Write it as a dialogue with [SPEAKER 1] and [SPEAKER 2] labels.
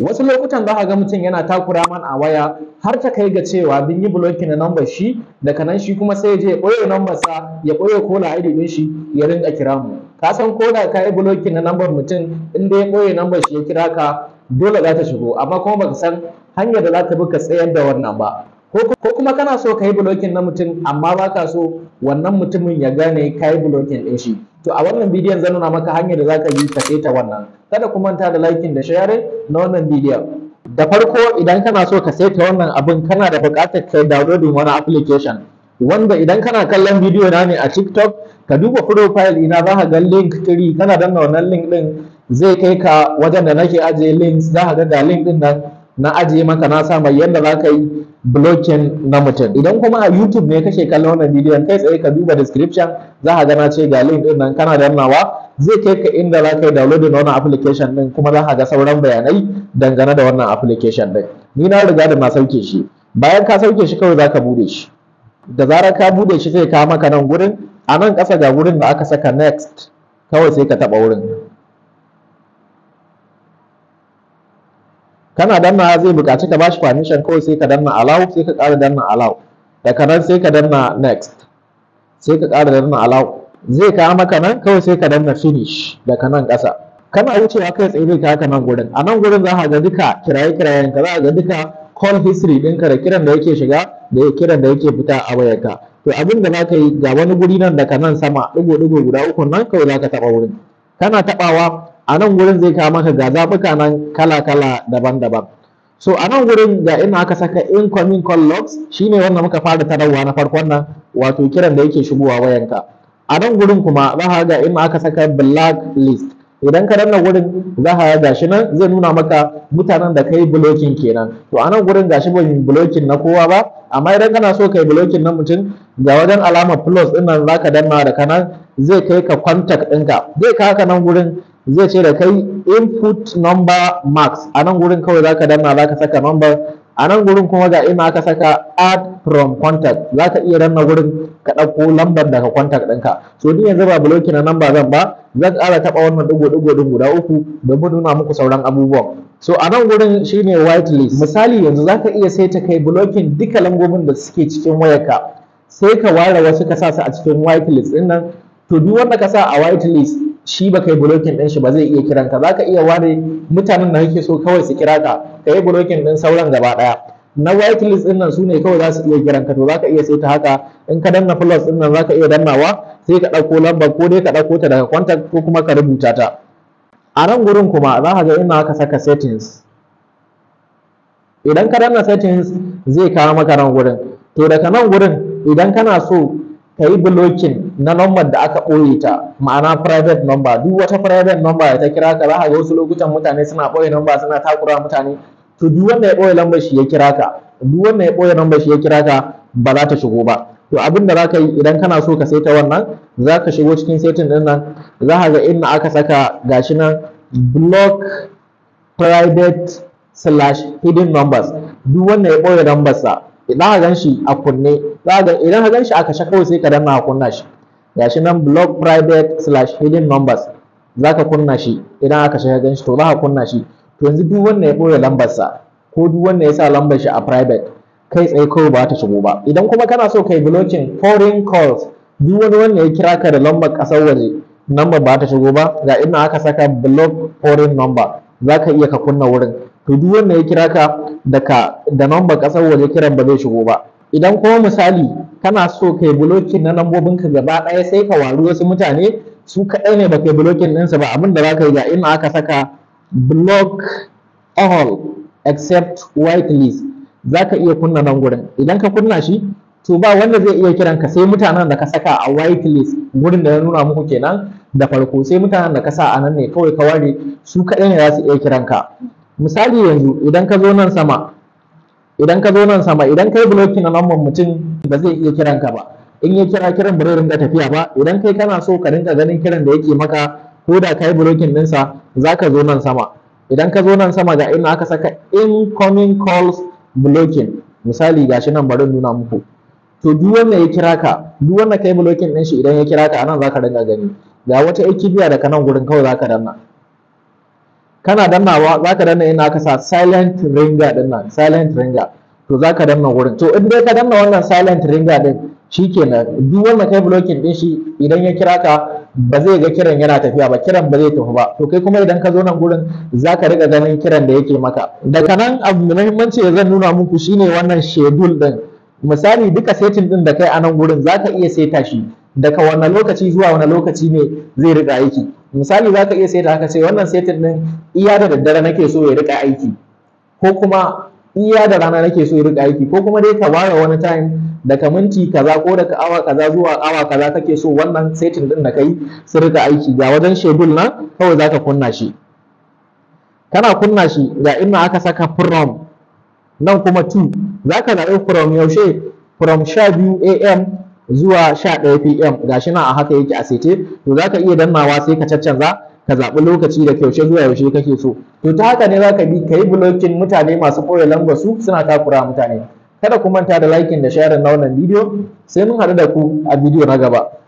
[SPEAKER 1] wasu lokutan za ka ga mutum yana takura man a waya har ta kai ga cewa bin yi blocking na number shi daga nan shi kuma sai ya je ya ɓoye number sa ya ɓoye kola ID din shi ya rinka kira mu ka san ko da ka yi blocking na number mutum in dai ya ɓoye number shi ya kira ka dole za ta shigo amma kuma baka san hanyar da za ka bi ka tsayar da wannan ba ko kuma kana so ka yi blocking na mutum amma ba ka so wannan mutumin ya gane ka yi blocking ɗin shi to a wannan bidiyon zan nuna maka hanyar da za ka bi ka saita wannan kada ku manta da liking da sharing na wannan bidiyon da farko idan kana so ka saita wannan abin kana da buƙatar kai downloading wani application wanda idan kana kallon bidiyo na ne a TikTok ka duba profile ina za ka ga link kiri kana danna wannan link din zai kai ka wajen da nake ajiye links za ka ga ga link din nan na ajiye maka na sa mai yadda za ka yi blocking na mutum idan kuma a youtube ne kashe kallon wannan bidiyon kai tsaye ka duba description za ka gana ce ga link din nan kana dannawa zai kai ka inda za ka yi downloading na wannan application din kuma za ka ga sauran bayanai dangane da wannan application din ni na riga da na sauke shi bayan ka sauke shi kawai za ka bude shi da zarar ka bude shi zai ka maka nan gurin a nan ƙasa ga gurin da aka saka next kawai sai ka taɓa wurin kana danna zai buƙaci ka bashi permission kawai sai ka danna allow sai ka ƙara danna allow daga nan sai ka danna next sai ka ƙara danna allow zai kawo maka nan kawai sai ka danna finish daga nan ƙasa kana wucewa kai tsaye zai kawo nan gurin a nan gurin za ka ga duka kiraye kirayen ka za ka ga duka call history ɗinka da kiran da yake shiga da kiran da yake fita a wayarka to abin da za ka yi ga wani guri nan daga nan sama ɗigo-ɗigo guda uku nan kawai za ka taɓa wurin kana taɓawa a nan gurin zai kawo maka ga zaɓuka nan kala-kala daban-daban so a nan gurin ga ina aka saka incoming call logs shine wanda muka fara tarawa na farkon nan wato kiran da yake shigowa wayanka a nan gurin kuma za ka ga ina aka saka black list idan ka danna gurin za ka ga shi nan zai nuna maka mutanen da kai blocking kenan to a nan gurin gashi ban blocking na kowa ba amma idan kana so kai blocking na mutum ga wajen alamar plus din nan za ka danna da kanan zai kai ka contact ɗinka zai kaka nan gurin zai ce da kai input number max a nan gurin kawai zaka danna za ka saka number a nan gurin kuma ga ina ka saka add from contact za ka iya danna gurin ka ɗauko lambar daga contact ɗinka so ni yanzu ba bloki na number zan ba zan ƙara taɓa wannan ɗigo ɗigo ɗin guda uku domin nuna muku sauran abubuwan so a nan gurin shine white list misali yanzu za ka iya saita kai blocking duka lambobin da suke cikin wayarka sai ka ware wasu ka sa su a cikin white list ɗin nan to duk wanda ka sa a white list shi ba kai blocking din shi ba zai iya kiran ka zaka iya ware mutanen da kake so kawai su kira ka kai bulokin ɗin sauran gaba daya na list din nan su ne kawai za su iya kiran ka to zaka iya sai ta haka in ka danna plus din nan zaka iya dannawa sai ka ɗauko lambar ko dai ka ɗauko ta daga contact ko kuma ka rubuta ta a nan gurin kuma za ka ga ina ka saka settings idan ka danna settings zai kawo maka nan gurin to daga nan gurin idan kana so ka yi blocking na number da aka ɓoye ta ma'ana private number duk wata private number da ta kira ka za a ga wasu lokutan mutane suna ɓoye number suna takura mutane to duk wanda ya ɓoye lambar shi ya kira ka duk wanda ya ɓoye lambar shi ya kira ka ba za ta shigo ba to abin da za ka yi idan kana so ka saita wannan za ka shigo cikin setting ɗin nan za ka ga inda aka saka gashi nan block private slash hidden numbers duk wanda ya ɓoye numbers sa idan ka gan shi a kunne za ka idan ka gan aka sha kawai sai ka danna a kunna shi gashi nan block private slash hidden numbers za ka kunna shi idan aka shiga gan shi to za ka kunna shi to yanzu duk wanda ya ɓoye lambarsa ko duk wanda ya sa lambar shi a private kai tsaye kawai ba ta shigo ba idan kuma kana so kai blocking foreign calls duk wani wanda ya kira ka da lambar ƙasar waje lambar ba ta shigo ba ga ina aka saka block foreign number za ka iya ka kunna wurin to duk wanda ya kira ka da ka da lambar ƙasar waje kiran ba zai shigo ba idan kuma misali kana so kai blocking na lambobin ka gaba ɗaya sai ka waru wasu mutane su kaɗai ne ba kai blocking ɗinsu ba abin da za ka yi ga ina aka saka block all except whitelist za ka iya kunna nan gurin idan ka kunna shi to ba wanda zai iya kiran ka sai mutanen da ka saka a "white list" gurin da ya nuna muku kenan da farko sai mutanen da ka sa a nan ne kawai ka ware su kaɗai ne za su iya kiran ka misali yanzu idan ka zo nan sama idan ka zo nan sama idan kai bulokin na nan mutum ba zai iya kiran ka ba in ya kira kiran bari zai tafiya ba idan kai kana so ka rinka ganin kiran da yake maka ko da kai bulokin ɗinsa za ka zo nan sama idan ka zo nan sama ga ina aka saka incoming calls bulokin, misali ga shi nan bari nuna muku to duk wanda ya kira ka duk wanda kai bulokin ɗin shi idan ya kira ka anan za ka rinka gani ga wata ekibiya daga nan gurin kawai za ka danna kana dannawa za ka danna ina sa silent ringer din nan silent ringer to za ka danna wurin to in dai ka danna wannan silent ringer din shikenan duk wannan kai blocking din shi idan ya kira ka ba zai ga kiran yana tafiya ba kiran ba zai tafi ba to kai kuma idan ka zo nan gurin za ka riga ganin kiran da yake maka daga nan abu mai muhimmanci da zan nuna muku shine wannan schedule din misali duka setting din da kai a nan gurin za ka iya seta shi daga wannan lokaci zuwa wani lokaci ne zai riga aiki misali za ka iya saita haka ce wannan setin ɗin iya da daddare nake so ya rika aiki ko kuma iya da rana nake so ya rika aiki ko kuma dai ka ware wani time daga minti kaza ko daga awa kaza zuwa awa kaza kake so wannan setin ɗin da kai su rika aiki ga wajen schedule nan kawai za ka kunna shi kana kunna shi ga inda aka saka from nan kuma za zaka zaɓi from yaushe from sha biyu am zuwa 11 pm gashi nan a haka yake a sete to ka iya dannawa sai ka caccanza ka zaɓi lokaci da yaushe zuwa yaushe kake so to ta haka ne za ka bi ka yi bulokin mutane masu ɓoye lambar su suna takura mutane kada ku manta da liking da sharing na wannan bidiyo sai mun haɗu da ku a bidiyo na gaba